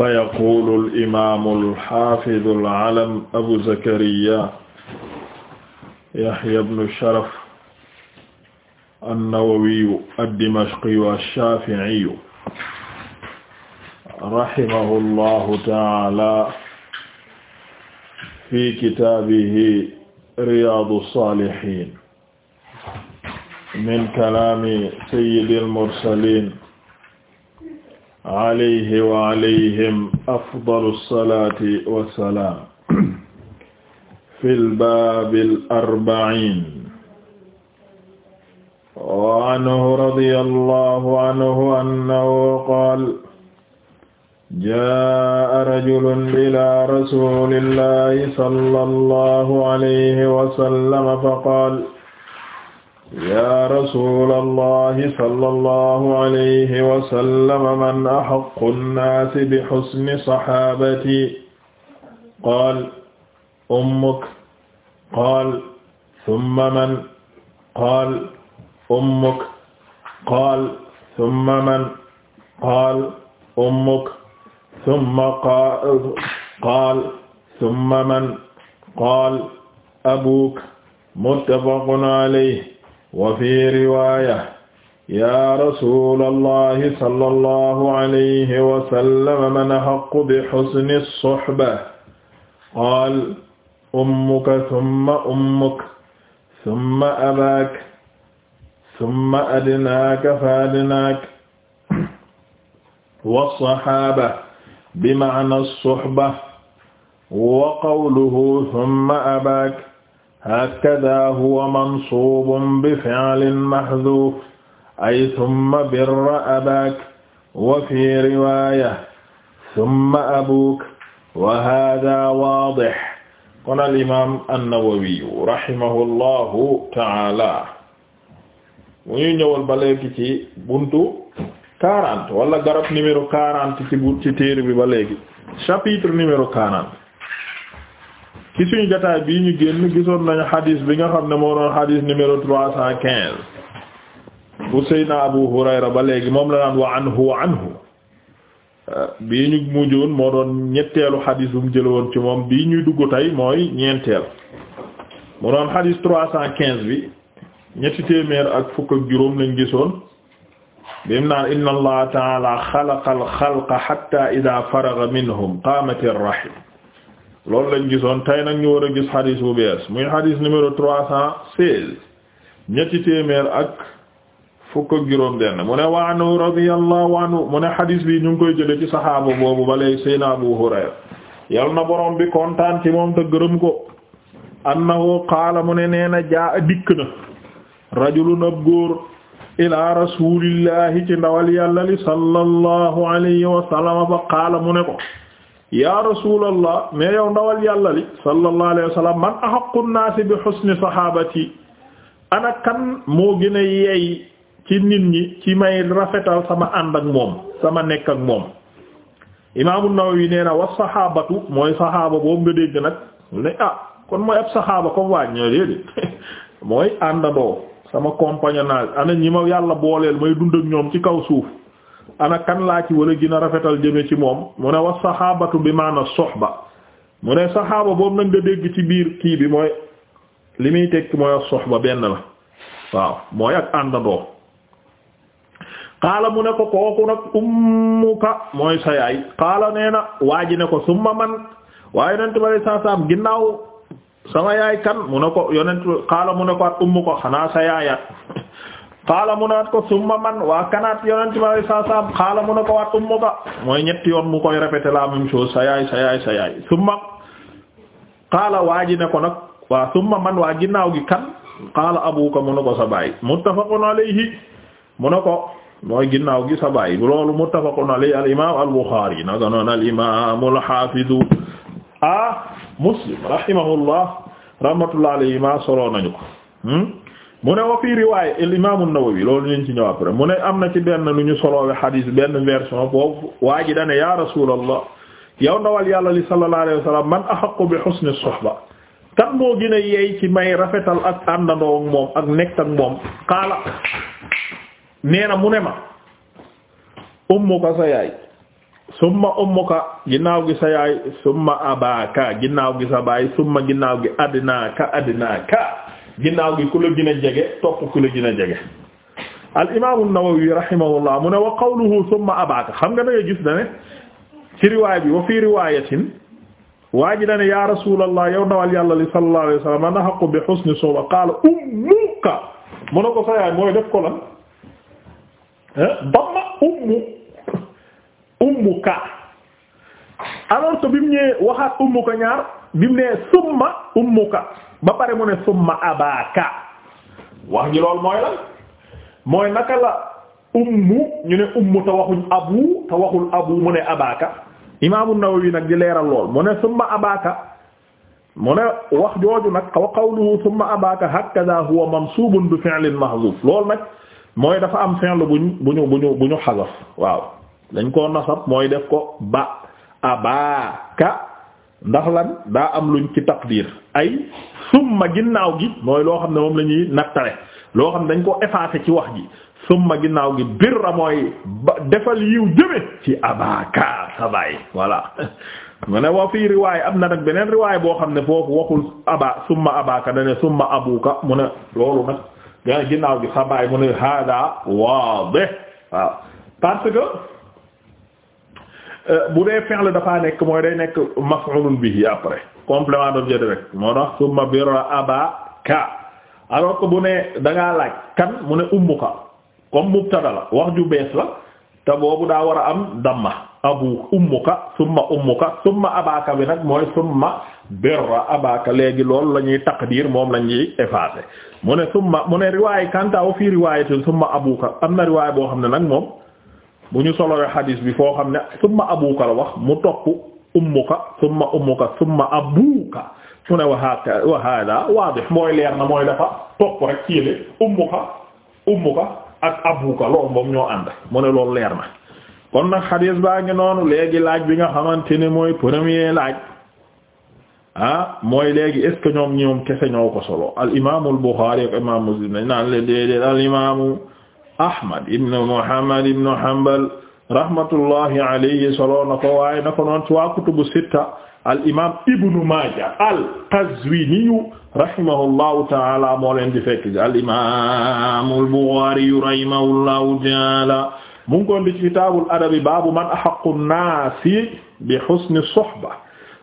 فيقول الإمام الحافظ العلم أبو زكريا يحيى بن الشرف النووي الدمشقي والشافعي رحمه الله تعالى في كتابه رياض الصالحين من كلام سيد المرسلين alayhi wa alayhim afdalu salaati wa salaam fil baabil arba'iin wa anhu radiyallahu anhu annahu qaala jaa'a rajulun ilaa rasuulillahi sallallahu alayhi wa sallam faqaala yaa rasuulallahi sallallahu alayhi wa sallam man ahaqqu nnaasi bi husni sahaabati qaal ummuk qaal summa man qaal ummuk qaal summa man qaal ummuk summa qaal summa man qaal abuuk muttafaqun alayhi wa fi riwaya ya rasula allahi sala allahu alayhi wasallam man axaqu bi xusni soxba qaal ummuka summa ummuk summa abaak summa adnaaka fa adnaak walsaxaaba bi maana soxba wa qawluhu summa abaak hakada huwa mansuubun bi fi'lin mahduuf ay summa birra abaak wa fi riwaaya summa abuuk wa haadaa waadih kon al imaam an-Nawawi rahimahullahu ta'aala mu ñu ñëwal ba léegi ci buntu quarante wala garab numéro quarante ci bu ci téere bi ba léegi chapitre numéro quarante ci suñu jotaay bii ñu génn gisoon nañu xadis bi nga xam ne moo doon xadis numéro trois cent quinze bu Seydina Abu Hurayra ba léegi moom la naan wa anhu wa anhu bii ñu mujjoon moo doon ñetteelu xadis bu mu jëlawoon ci moom bii ñuy dugg tey mooy ñeenteel mu doon xadis trois cent quinze bi ñetti téeméer ak fukk ak juróom lañ gisoon bim naan inna allaha ta'ala xalaqa al xalqa ida faraga minhum qaamati ar loolu lañ gisoon tey nag ñu war a gis xadis bu bees muy xadis numéro trois cent seize ñetti téeméer ak fukk a juróom benn mu ne waanu radiyallahu anhu mu ne xadis bi ñu ngi koy jële ci saxaaba boobu ba léegi sayna Abu Hurayra yal na borom bi kontaan ci moom te gërëm ko annahu qaala mu ne nee na jaa dikk na rajulun ab góor ila rasulillahi ci ndawal yàlla li sallallahu alayhi wa sallam fa qaala mu ne ko yaa rasulallah mais yow ndawal yàlla li sallallahu alayhi wa sallam man ahaqqu naasi bi husni sahabati ana moo gën a yeey ci nit ñi ci may rafetal sama ànd ak moom sama nekk ak moom imaamu Nawawi nee na wa sahabatu mooy sahaaba boobu nga dégg nag ne ah kon mooy ab sahaaba ko waañ ñoo déedéet mooy àndandoo sama compagnonnage ana ñi ma yàlla booleel may dund ak ñoom ci kaw suuf ana kan laa ci wala gën a rafetal jëme ci moom mu ne wa saxaabatu bi maana soxba mu ne saxaaba boobu nag nga dégg ci biir kii bi mooy li muy tekki mooy ak soxba benn la waaw mooy ak àndandoo xaala mu ne ko kooku nag ummuka mooy sa yaay xaala nee na waa ji ne ko summa man waaye yonent bi sallallahu alayhi ginnaaw sama yaay kan mu ne ko yonent xaala mu ne ko at ummuka xanaa sa yaayaat xaala mu ko summa man waa kanaat yonent bi alay mooy ñetti yoon mu koy répéter la même chose sa yaay sa yaay sa yaay waa ji ko nag waa summa man waa ginnaaw gi kan xaala abuka mu ne ko sa baay muttafaqun alayhi mu ne ko mooy ginnaaw gi sa baay loolu muttafaqun alayhi al imaam al buxaari naka ah, muslim rahimahullah rahmatullah alayhi ma solo nañu ko hmm? mu ne wa fii riwaaya al imaamu loolu ñu ci ñëw après mu ne am na ci benn lu ñu soloowe xadiis benn version boobu waa ji dane ya rasuulallah yow na wal yàlla li sallallahu alayhi wa man ahaqqu bi husni suhba kan moo gën a ci may rafetal ak àndandoo ak moom ak nekk ak moom xaala nee na mu ne ma ummuka sa yaay summa ummuka ginnaaw gi sa yaay summa abaka ginnaaw gi sa baay summa ginnaaw gi adnaaka adnaaka ginnaaw gi ku la a jege topp ku la gën a jege al imaamu Nawawi mu ne wa qawluhu summa abaaka xam nga da dane ci riwaay bi wa fii riwaayatin waa dane ya rasulallah yow ndawal yàlla li sallallahu alayhi ana haqqu bi husni suhba qaala ummuka mu ko sa yaay mooy def ko lan eh, damma ummu ummuka alors bi mu ñëwee waxaat ummuka ñaar bi mu nee summa ummuka ba pare mu ne summa abaka wax ji loolu mooy la mooy naka la ummu ñu ne ummu te waxuñ abu te waxul abu mu ne abaka imaamu Nawawi nag di leeral lool mu ne summa abaka mu ne wax jooju nag wa qawluhu summa abaka hakaza huwa mansubun bi fi'lin mahzuf loolu nag mooy dafa am fi'l buñ buñu buñu bu ñu xasaf waaw dañ koo nasab mooy def ko ba abaka ndax lan daa am luñ ci taqdir ay summa ginnaaw gi mooy loo xam ne moom lañuy ñuy nattale loo xam ne dañ ko effacé ci wax ji summa ginnaaw gi birra mooy ba defal yiw jëme ci abaka sa baay voilà mu ne wa fii riwaay am na nag beneen riwaay boo xam ne foofu waxul aba summa abaka dane summa abuka mu ne loolu nag gane ginnaaw gi sa baay mu ne hada waadih waaw parce Euh, bu dee fi'l dafaa nekk mooy day nekk maf'ulun bihi après complément d'objet rek moo tax summa birra abaka alors que bu ne da ngaa laaj kan mu ne ummuka comme mubtada la wax ju bees la te boobu daa war a am damma abu ummuka summa ummuka summa abaka bi nag mooy summa birra abaka léegi loolu la ñuy taqdir moom la ñuy effacer mu ne summa mu ne riwaay kanta wa fii riwaayati summa abuka am na riwaay boo xam ne nag moom bu ñu solowee xadiis bi foo xam ne summa abuka la wax mu topp ummuka summa ummuka summa abuka mu ne wahaaka wa hada waadih mooy leer na mooy dafa topp rek ci yële ummuka ummuka ak abuka loolu moom ñoo ànd mu ne loolu leer na kon nag xadiis baa ngi noonu léegi laaj bi nga xamante ne mooy premier laaj ah mooy léegi est ce que ñoom ñoom kese ñoo ko solo al imaamul Buxaari ak imaam Muslim nañ naan leen déedéet al imaamu Ahmad ibn Muhammad ibn Hanbal rahmatullahi alayhi solo na ko waaye na ko noon ci waa kutubu sitta al imaam Ibn Maaja al Qazwiniyu rahimahullahu ta'ala moo leen di fekk al imaam al Buxaari rahimahullahu ta'ala mu ngi koon di ci kitaabul adabi baabu man ahaqqu an-naasi bi husni suhba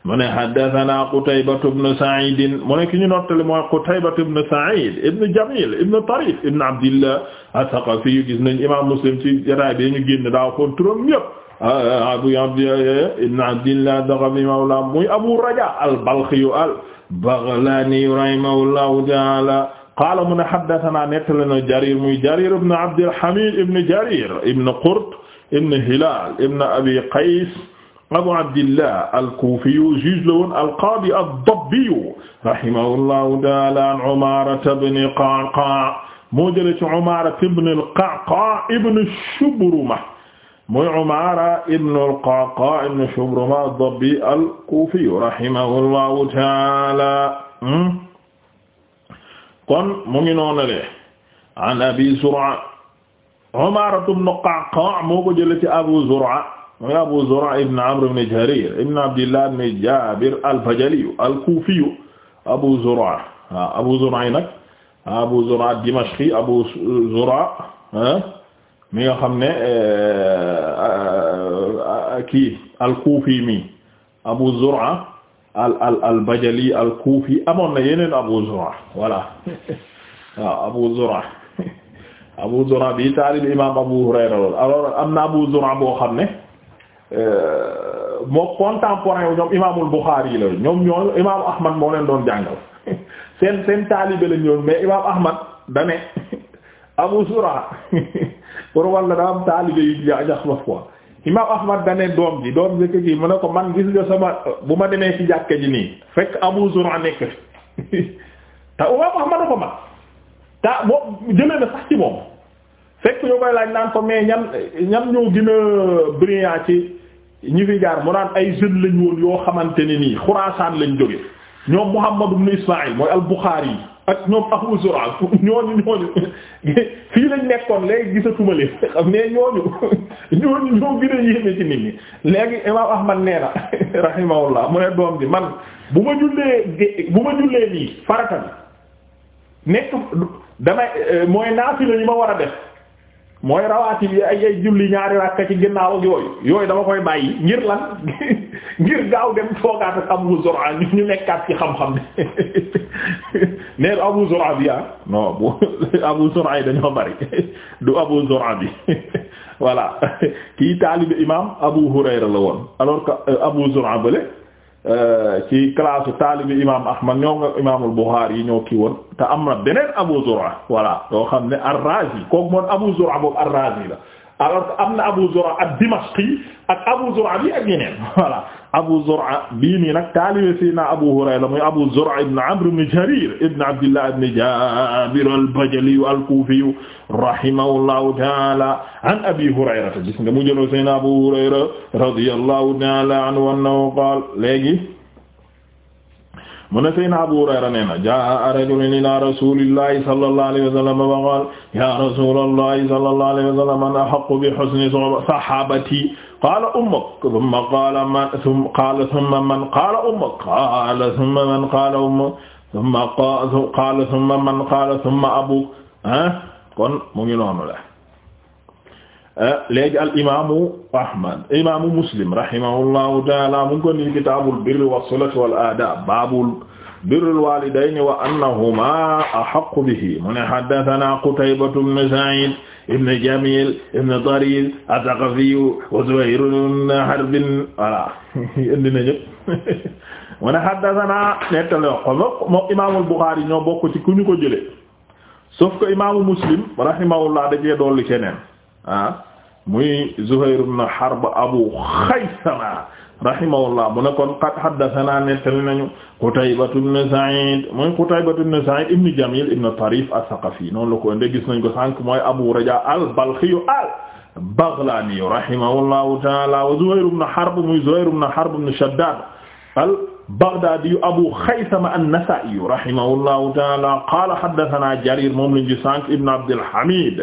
mu ne haddathana Qutaybatu ibn Sa'id mu ne ki ñu nottali mooy Qutaybatu ibn Sa'id ibn Jamil ibn Tarif ibn Abdillah as-Saqafi yu gis nañ imam Muslim ci jotaay bi ñu génn daa xoon turam yëpp Abu Abdillah ibn Abdillah ad-Daghafi mawla muy Abu Raja al-Balkhi al-Baghlani rahimahullahu ta'ala qaala mu ne haddathana nettali na Jarir muy Jarir ibn Abdil Hamid ibn Jarir ibn Qurt ibn Hilal ibn Abi Qays Abu Abdillah al-Kufi juge la woon al-qaadi ad-Dabbi rahimahullahu ta'ala an Umaara ibn Qa'qaa' moo jëlee ci Umaara ibn al-Qa'qaa' ibn Shubruma mooy Umaara ibn al-Qa'qaa' ibn Shubruma ad-Dabbi al-Kufi rahimahullahu ta'ala kon mu ngi noonale an Abi Zur'a Umaara ibn Qa'qaa' moo ko jëlee ci Abu Zur'a mooy Abu Zur'a ibn Amr ibn Jarir ibn Abdillah ibn Jabir al-Bajali al-Kufi Abu Zur'a waaw ah, Abu Zur'a yi nag Abu Zur'a Dimashqi Abu Zur'a ah, mi nga xam ne eh, kii al-Kufi mi Abu Zur'a al al al-Bajali al-Kufi amoon na yeneen Abu Zur'a voilà waaw ah, Abu Zur'a Abu Zur'a bi taalib imam Abu Hurayra alors am na Abu Zur'a boo xam ne Euh, moo contemporain ñoom imaamul Bukhari yi la ñoom ñoo imaamu Ahmad moo leen doon jàngal seen seen taalibe lañ mais imaam Ahmad dane Abu Zur'a pour walla daa am taalibe yu jax ma quoi imaam Ahmad dane doom ji doom jëkk ji mu ne ko man gis nga sama bu ma demee ci jàkka ji nii fekk Abu Zur'a nekk te imaam Ahmad ko mag ta moom jëlee na sax ci moom fekk ñu koy laaj naan ko mais ñam ñam ñoo gën a brillant ci ñi fi jaar mu daan ay jeunes lañ woon yoo xamante ni nii Xuraasaan lañ jóge ñoom Muhammad ibn Ismaïl mooy al-Bukhari yi ak ñoom Abu Zur'a ñooñu ñooñu fii lañ nekkoon léegi gisatuma leen xam ne ñoo gën a yéeme ci nit ñi léegi Imaam Ahmad nee na rahimahullah mu ne doom bi man bu ma jullee bu ma jullee nii farata bi nekk damay mooy naafila yi ma war a def. mooy rawaati bi ay ay julli ñaari rakka ci ginnaaw ak yooyu yooyu dama koy bàyyi ngir lan ngir gaaw dem toogaat ak Abu Zur'a ñu ñu nekkaat ci xam-xam bi neen Abu Zur'a bi ah non bu Abu Zur'a yi dañoo bari du Abu Zur'a bi voilà kii taalibe imam Abu Hurayra la woon alors que euh, Abu Zur'a bële Euh, ci classe taalibi imam Ahmad ñoo nga imaamul Bukhari yi ñoo kii woon te am na beneen Abu Zur'a voilà yoo xam ne ar-Razi kooku moom Abu Zur'a boobu ar-Razi la alors am na Abu Zur'a ad-Dimashqi ak Abu Zur'a bi ak yeneen voilà Abu Zur'a bii nii nag taalibe Seydina Abu Hurayra muy Abu Zur'a ibn Amr ibn Jarir ibn Abdillah ibn Jabir al-Bajali al-Kufi rahimahullahu ta'ala an Abi Hurayra gis nga mu jëloo Seydina Abu Hurayra radiyallahu ta'ala anhu annahu qaala léegi mu ne Seydina Abu Hurayra nee na jaa rajulun ila rasulillahi sallallahu alayhi wa sallam fa qaala ya rasulallahi sallallahu alayhi wa sallam man ahaqqu bi husni sahabati qaala ummuk thumma qaala man qaala thumma man qaala ummuk qaala thumma man qaala ummuk thumma qaala thumma man qaala thumma abuk ah kon mu ngi noonu la Eh, léegi al imaamu Ahmad imaamu Muslim rahimahullahu taala mu ngi ko ni kitaabul birri wassilati wal aadaab baabul birril waalidayni wa annahumaa ahaqqu bihi mu ne haddathanaa Qutaybatu bnu Sa'iid ibn Jamiil ibn Tariid ath-Thaqafi wa Zuhayr ibn Harb voilà indi na ñëpp mu ne haddathanaa nettali moom imaamul Buxaari ñoo bokk ci ku ñu ko jëlee sauf que imaamu Muslim rahimahullah da cee dolli keneen ah. muy Zuhayr ibn Harb Abu Khaysama rahimahullah mu ne kon qad haddathana nettali nañu Qutayba ibn Sa'id muy Qutayba ibn Sa'id ibn Jamil ibn Tarif as-Saqafi noonu la ko indee gis nañ ko sànq mooy Abu Raja al-Balkhi al-Baghlani rahimahullahu ta'ala wa Zuhayr ibn Harb muy Zuhayr ibn Harb ibn Shaddad al al-Baghdaadiyu Abu Xaysama an-Nasaa'iyu rahimahullahu ta'aala qaala haddathanaa Jariir moom lañ ci sànq ibn Abdil Hamiid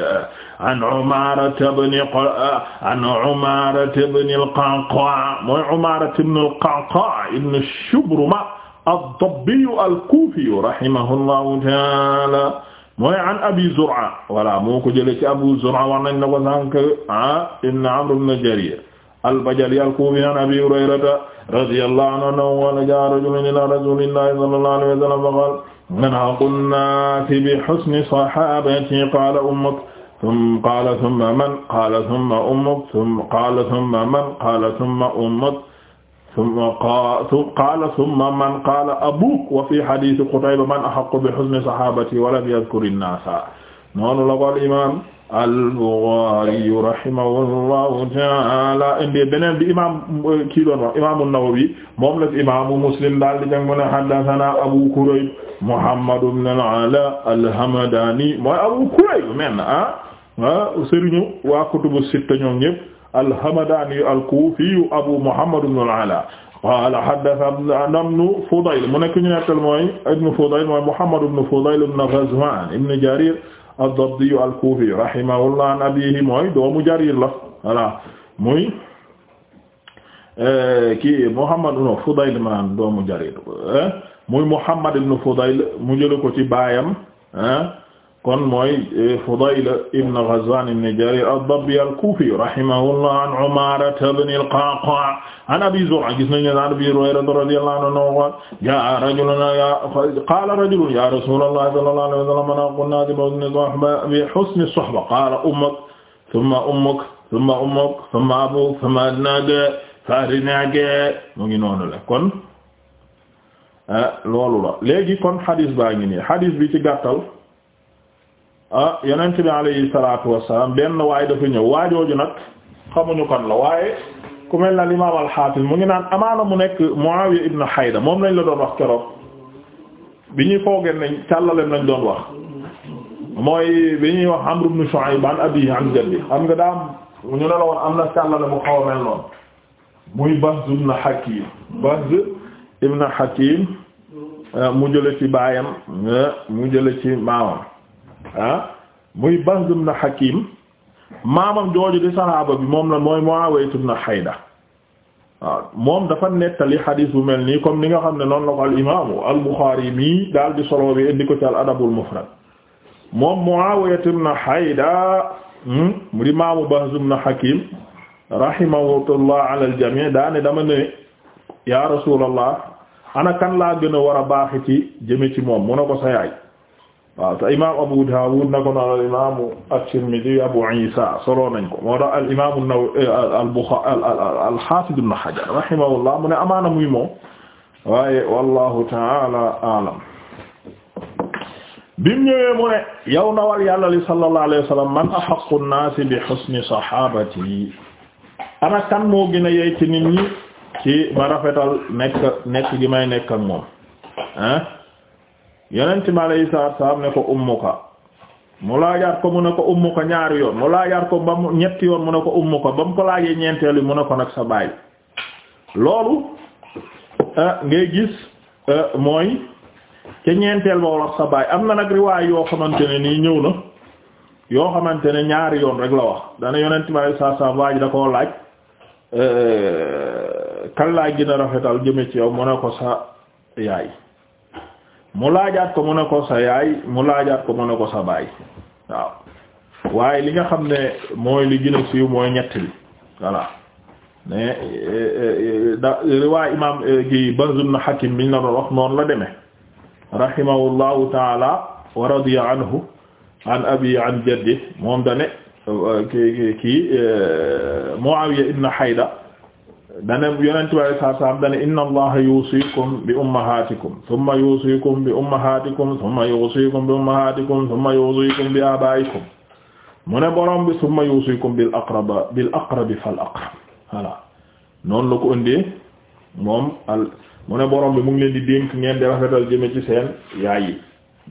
an Umaarata bni an Umaarata bnil Qa'qaa' mooy Umaarata bnil Qa'qaa' ibn Shubruma ad-Dabbiyu al-Kuufiyu rahimahullahu ta'aala mooy an Abi Zur'a voilà moo ko jëlee ci Abu Zur'a wax nañ la ko sànq ah ibn Amr ibn Jariir al-Bajali al-Kufi an Abi Hurayrata radiyallahu anhu annahu qaala jaa'a rajulun ilaa rasuulillahi sallallahu alayhi wa sallam fa qaala man haqqu nnaasi bi husni sahaabati qaala ummuk thumma qaala thumma man qaala thumma ummuk thumma qaala thumma man qaala thumma ummuk summa qaala summa man qaala abuuk wa fi hadiisi Qutayba man ahaqqu bi husni sahaabati wa lam yadkuri nnaasa noonu la ko al imaam al-Bukhari rahimahullahu ta'ala indi beneen bi imam kii doon wax imam an-Nawawi moom la imaamu Muslim daal di jàng mu ne haddathana Abu Kurayb Muhammad ibn al-Ala al-Hamadani mooy Abu Kurayb men ah ah sëriñu waa kutubu sitta ñoom ñëpp al-Hamadani al-Kufi Abu Muhammad ibn al-Ala qaala haddathana ibnu Fudayl mu nekk ñu nettal mooy ibnu Fudayl mooy Muhammad ibn Fudayl ibn Ghazwan ibn Jarir ad-Dabbi al-Kufi rahimahullah an abihi mooy doomu Jarir la voilà muy eh, kii Muhammad ibn Fudayl maanaam doomu Jarir eh? muy Muhammad ibn Fudayl mu jële ko ci baayam ah kon mooy eh, Fudayl ibn Ghazwan ibn Jarir ad-Dabbi al-Kufi rahimahullah an Umaara ibn al-Qa'qa' an Abi Zur'a gis nañu an Abi Hurayra radiyallahu anhu jaa'a rajulun qaala rajulun ya Rasulallah sallallahu alayhi wa sallam ana kunna bi husni as-suhba qaala ummuk thumma ummuk thumma ummuk thumma abuk thumma adnaak fa adnaak mu ngi noonu la kon eh, loolu la léegi kon hadis baa ngi nii hadis bi ci gàttal ah yonent bi alayhi salaatu benn waaye dafa ñëw waajooju nag xamuñu kon la waaye ku mel na imaam al mu ngi naan amaana mu nekk Muawiya ibn Hayda moom lañ la doon wax keroog bi ñuy foogeen nañ càllaleem lañ doon wax mooy bi ñuy wax Amr ibn Shu'ayb an abiihi an jaddi xam nga daam ñu ne la woon am na càllale mu xaw a mel noonu muy Bahz ibn Hakim Bahz ibn Hakim eh, mu jële ci baayam eh, mu jële ci maamam ah muy Bahz ibn Hakim maamam jooju di saxaaba bi moom la mooy Muawiya ibn Hayda moom dafa nettali xadiis bu mel nii comme ni nga xam ne noonu la ko al imaamu al Buxaari mii daal di solo bi indi ko ci al adabul mufrad moom Muawiya ibn Hayda hmm, mu di maamu Bahz ibn Hakim rahimahullah ala jamii daane dama ne yaa rasuulallah ana kan laa gën a war a baax ci jëme ci moom mu ne ko sa yaay waaw te imam Abu Dawud na ko noon al imam at-Tirmidhi Abu Isa soloo nañ ko moo tax al imam an-Nawawi eh, al-Bukhari al-Hafiz Ibn Hajar rahimahullah mu ne amaana muy moom waaye wallahu ta'ala a'lam bi mu ñëwee mu ne yow nawal yàlla li sallallahu alayhi wa sallam man ahaqqu an-nas bi husni sahabati ana kan moo gën a yey ci nit ñi ci ma rafetal nekk nekk gi may nekk ak moom ah yonent mi alayhi salaatu salaam ne ko ummuka mu laajaat ko mu ne ko ummuka ñaari yoon mu laajaat ko ba mu ñetti yoon mu ne ko ummuka ba mu ko laajee ñeenteel yi mu ne ko nag sa baay loolu eh, ngay gis eh, mooy ca ñeenteel ba wala sa baay am na nag riwaay yoo xamante ne nii ñëw na yoo xamante ne ñaari yoon rek la wax dana yonent mi alayhi salaatu salaam waaj da koo laaj eh, kan laa gën a rafetal jëme ci yow mu ne ko sa yaay mu laajaat ko mu ne ko sa yaay mu laajaat ko mu ne ko sa baay waaw waaye li nga xam ne mooy li gën a siiw mooy ñett bi voilà mais e, e, e, da riwaay imam gi Hakim biñ la doon wax noonu la demee rahimahullahu taala wa radiya anhu an abi an jaddi moom dane kii Muawiya ibn Hayda dana yonent bi alayhi salaatu salaam dana inna allaha yuusikum bi ummahatikum thumma yuusikum bi ummahatikum thumma yuusikum bi abaa'ikum mu ne borom bi thumma yuusikum bil aqraba bil aqrabi fal aqrab voilà noonu la ko ëndee moom al mu ne borom bi mu ngi leen di dénk ngeen di rafetal jëme ci seen yaay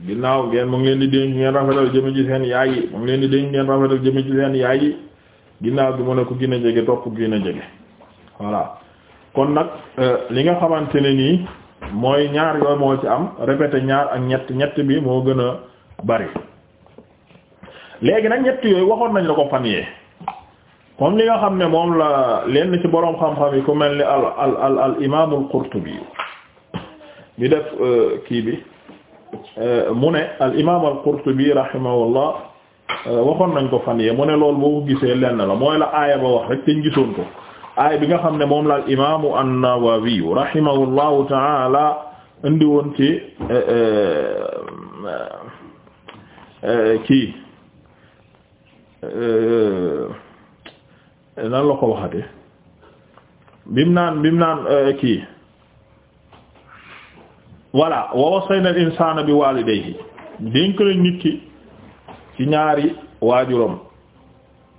ginnaaw ngeen mu leen di dénk ngeen rafetal jëme ci seen yaay yi mu ngi leen di ginnaaw bi mu ne ko gën a jege topp gën jege voilà kon nag euh, li nga xamante ne nii mooy ñaar yooyu moo ci am répété ñaar ak ñett ñett bi moo gën a bari léegi nag ñett yooyu waxoon nañ la ko fan yee comme li nga xam ne moom la lenn ci boroom xam-xam yi ku mel ni al al al al imaamul Qurtubi ñu def euh, kii bi euh, mu ne al imaam al Qurtubi rahimahullah waxoon nañ ko fan yee mu ne loolu boo ko gisee lenn la mooy la aaya ba wax rek te ñu gisoon ko aay bi nga xam ne moom la al imaamu an-Nawawi rahimahullahu taala indi woon ci eh, eh, eh, kii nan la waxate bim naan bim naan kii voilà wa wasayna al insana bi walidayhi dénk lañ nit ki ci ñaari waajuram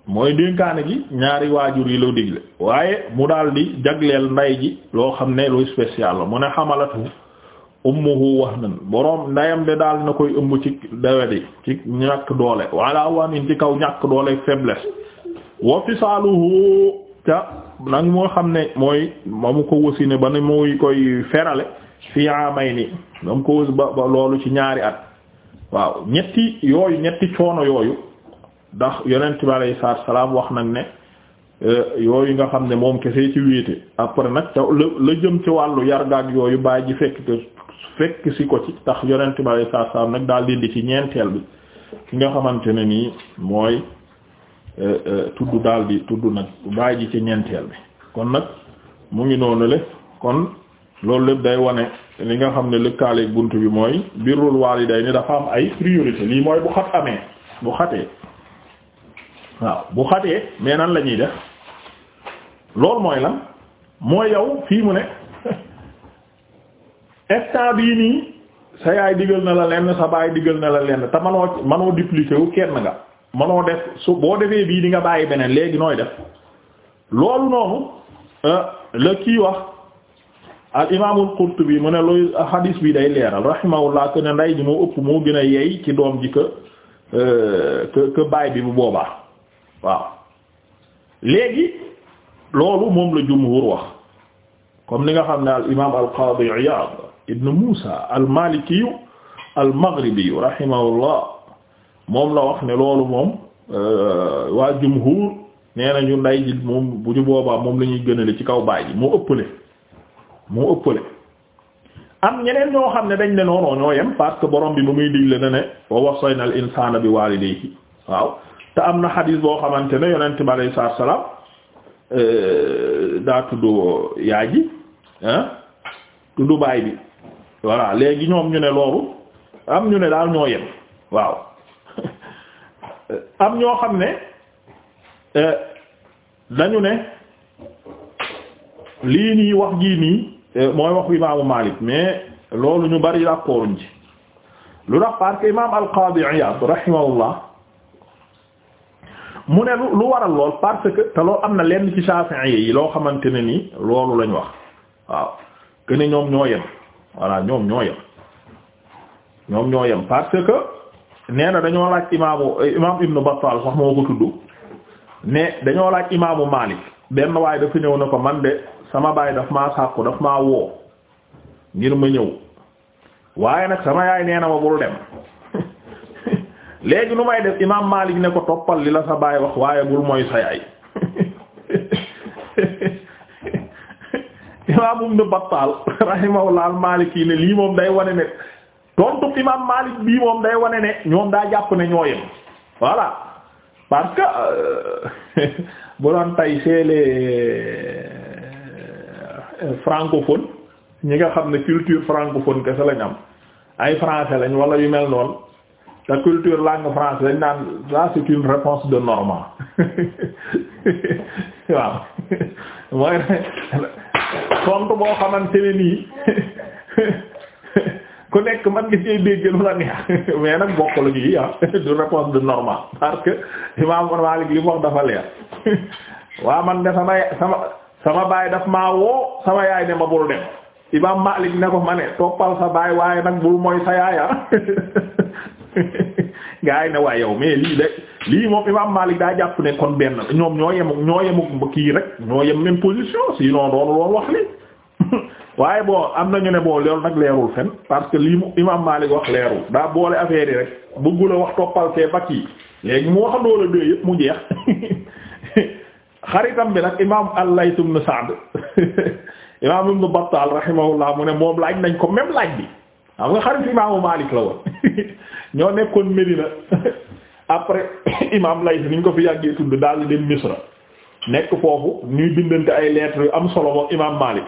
mooy dénkaane gi ñaari waajur yi la digle waaye mu daal di jagleel nday ji loo xam ne lu spécial la mu ne xamalatu ummuhu wahnan boroom ndayam de daal na koy ëmb ci dawedi ci ñàkk doole walla wanin ci kaw ñàkk doole faiblesse wa fisaaluhu ca nag moo xam ne mooy ma mu ko wasine ba ne muy koy ferale fi amayni ma mu ko wës ba loolu ci ñaari at waaw ñetti yooyu ñetti coono yooyu ndax yonent bi alayhi salaam wax nag ne euh, yooyu nga xam ne moom kese ci wéete après nag ca la jëm ci wàllu yargaak yooyu bàyyi ji fekk fekk si ko ci tax yonent bi alayhi salaam nag daal di ci ñeenteel bi ki nga xamante ne nii mooy euh, euh, tudd daal di tudd nag bàyyi ji ci ñeenteel bi kon nag mu ngi noonu le kon loolu lépp day wane li nga xam ne lëkkaaleeg bunt bi mooy biir birrul waalidayni dafa am ay priorité lii mooy bu xat amee bu xatee waaw bu xatee mais nan la ñuy def loolu mooy lan mooy yow fii mu ne instant bii nii sa yaay digal na la lenn sa baay digal na la lenn te manoo manoo dupliquer wu kenn nga manoo def su boo defee bii di nga bàyyi beneen léegi nooy def loolu noonu euh, la kii wax al imaamul bi mu ne luy hadis bi day leeral rahimahullah que ne ndey ji moo ëpp moo gën a yey ci doom ji que euh, que que baay bi bu boobaa. waaw léegi loolu moom la jumhur wax comme ni nga xam ne al imaam al qaadi Iyaad ibn Muusa al Maalikiyu al Maghribiyu rahimahullah moom la wax ne loolu moom euh, waa jumhur nee na ñu nday ji moom bu ñu boobaa moom la ñuy gënale ci kaw baay moo ëppale moo ëppale am ñeneen ñoo xam ne dañ ne noonoo ñoo yem parce que borom bi mu muy digle na ne wa wasaynal insaana bi waalidayhi waaw te am na xadis boo xamante ne yonent bi alayhi salaatu wa salaam euh, daa tudd yaay ji tudd baay bi voilà léegi ñoom ñu ne loolu am ñu ne daal ñoo yem waaw am ñoo xam ne euh, dañu ne lii nii wax jii nii euh, mooy wax imaamu Maalik mais loolu ñu bari d'accorduñ ci lu tax parce que imaam al-Qaadi Iyaad rahimahullah mu ne lu waral lool parce que te loolu am na lenn ci Shafi'i yi loo xamante ne nii loolu lañ wax waaw que ñoom ñoo yem voilà ñoom ñoo yem ñoom ñoo yem parce que nee na dañoo laaj imaamu imaam Ibn Battal sax moo ko tudd ne dañoo laaj imaamu Malik benn waaye dafa ñëw ne ko man de sama baay daf maa sàkku daf maa woo ngir ma ñëw waaye nag sama yaay nee na ma bul dem. léegi nu may def imaam Maalik ne ko toppal li la sa baay wax waaye bul mooy sa yaay imaam Ibn Battaal rahimahullah al-Maaliki ne lii moom day wane ne tontu imaam Maalik bii moom day wane ne ñoom daa jàpp ne ñoo yem voilà parce que euh, bu doon tey c'est les euh, francophones nga xam ne culture francophone kese lañ am ay français lañ wala yu mel noonu. ta culture langue française dañ naan ça c'est une réponse de normand waaw mooy tontu boo xamante ne nii ku nekk man nga cee dégg lu la neex mais nag bokk la ñuy ah du réponse de normand parce que li mu wax dafa leer waa man de sama sama daf maa woo yaay ne ma bul dem imam ma ne toppal sa baay waaye nag bul mooy sa yaaya ah. gaa yi ne waa yow mais lii de lii moom imam Malik daa jàpp ne kon benn ñoom ñoo yem ñoo yem kii rek ñoo waaye bon na ñu ne bon parce que lii imam Malik wax leerul daa boole affaire yi rek bëggul wax toppal see bakk yi léegi mu wax mu jeex bi nag imam al-Layth ibn Sa'd imam ibn moom laaj nañ ko même laaj bi waaw nga xarit imaamu Malik la woon ñoo nekkoon Medina après imam lay niñ ko fi yàggee tudd daal di dem Misra nekk foofu ñuy bindante ay lettres yu am solo moom imam Malik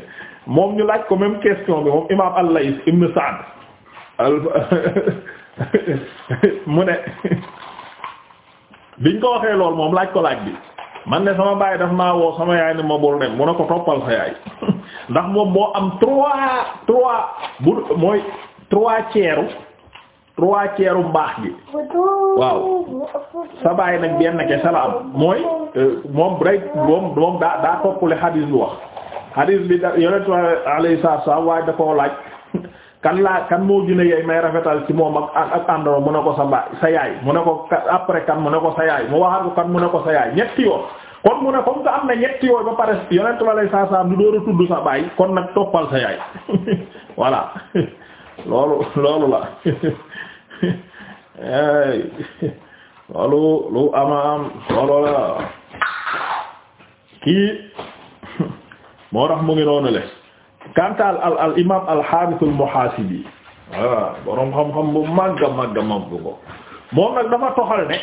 moom ñu laaj ko même question bi moom imam al-Layth ibn Sa'd mu ne biñ ko waxee lool moom laaj ko laaj bi man ne sama baay daf maa woo sama yaay ne ma bul dem mu ne ko toppal sa yaay ndax moom moo am trois trois bu mooy trois tiers trois tiers mbaax bi waaw sa bàyyi nag benn ke salaam mooy euh, moom rek moom moom daa daa toppale xadiis bi wax xadiis bi da yonent alayhi salaam waaye da laaj kan laa kan moo gën a yey may rafetal ci moom ak ak àndoo mu ne ko sa mbaay sa yaay mu ne ko après kan mu ne ko sa yaay mu waxaat ko kan mu ne ko sa yaay ñetti yoon kon mu ne comme que am na ñetti yooyu ba sa yaay voilà loolu loolu la loolu lu ama am loolu la kii moo tax mu ngi noonu le kanta al al al imaam al Haaris al Muhaasibi waaw xam-xam bu màgga màgga màgg ko moom nag dafa toxal ne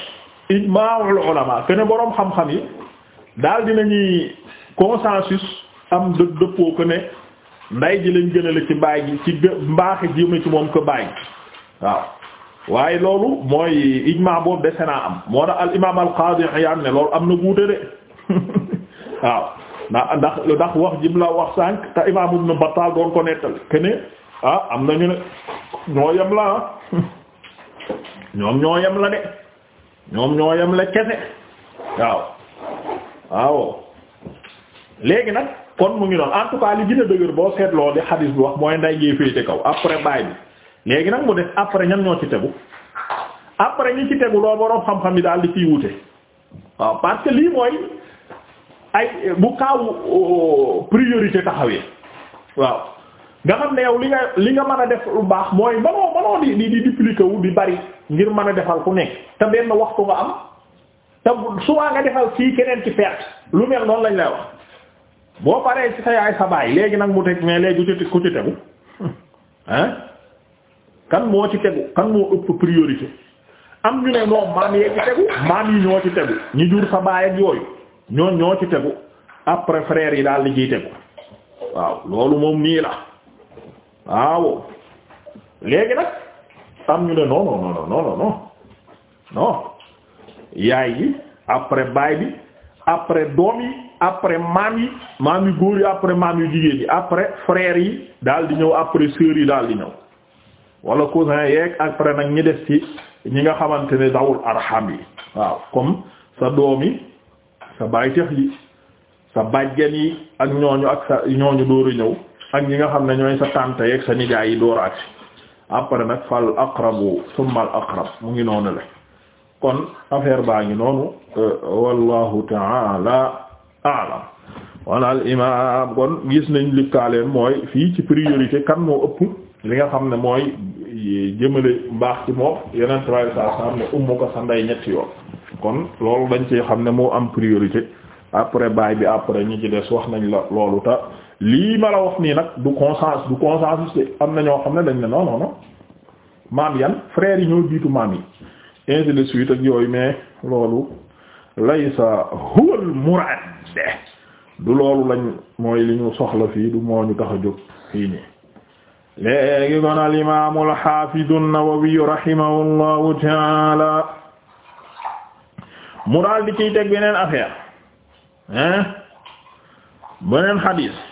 ijmaa'ul ulamaa que ne xam-xam yi daal dinañuy consensus am dë dëppoo que ne nday ji lañ gënale ci baay gi ci mbaaxi jëme ci moom ko baay waaw waaye loolu mooy ijmaa boobu dese naa am moo tax al imaam al Qaadi Iyaad ne loolu am na guute de waaw. ndax ndax lu ndax wax jim wax sànq te imam Ibn Battal doon ko nettali kene ah am nañu ne ñoo yem la ah. ñoom ñoo yem la de ñoom ñoo yem la kese waaw waaw léegi nag kon mu ngi doon en tout cas li gën a dëgër boo seetloo li xadis bi wax mooy nday gee féete kaw après baay bi léegi nag mu def après ñan ñoo ci tegu après ñi ci tegu loolu boroom xam-xam yi daal di ciy wute waaw parce que lii mooy ay bu kaawu priorité taxawee waaw nga xam ne yow li nga li nga mën a def lu baax mooy manoo manoo di di di dupliquer wu di bari ngir mën a defal ku nekk te benn waxtu nga am te souvent nga defal fii keneen ci perte lu mel noonu lañ lay wax boo paree ci sa yaay sa baay léegi nag mu teg mais léegi ku ci ku ci tegu ah kan moo ci tegu kan moo ëpp priorité am ñu ne moom maam yee ci tegu maam yi ñoo ci tegu ñu jur sa baay ak yooyu ñoon ñoo ci tegu après frères yi daal di ciy tegu waaw loolu moom nii la waaw léegi nag am ñu ne non non non non non non yaay yi après baay bi après doom yi après maam yi maam yu góor yi après maam yu jigéen yi après frères yi daal di ñëw après sœurs yi daal di ñëw wala cousin yeeg après nag ñi def ci ñi nga xamante ne dawul arham yi waaw comme sa doom yi sa baay tex yi sa bàjjen yi ak ñooñu ak sa ñooñu dóor a ñëw ak ñi nga xam ne ñooy sa tante yeeg sa nijaay yi dóor ak si après nag fal aqrabu thumma aqrab mu ngi noonu la kon affaire baa ngi noonu euh, wallahu ta'ala a'lam wala al kon gis nañ lëkkaaleen mooy fii ci priorité kan moo ëpp li nga xam ne mooy jëmale mbaax ci moom yeneen travail sa sam ne ummu ko sa ndey ñetti yoon kon loolu dañ ci xam ne moo am priorité après baay bi après ñi ci des wax nañ la loolu ta lii ma la wax nii nag du conscience du conscience ci am na ñoo xam ne dañ ne non non non maam yan frères yi ñoo jiitu maam yi ainsi de suite ak yooyu mais loolu laysa huwal murad du loolu lañ mooy li ñu soxla fii du moo ñu tax a jóg fii léegi kon al imaam al xaafidu an-Nawawi rahimahullahu taala mu daal di ciy teg beneen affaire hein beneen xadiis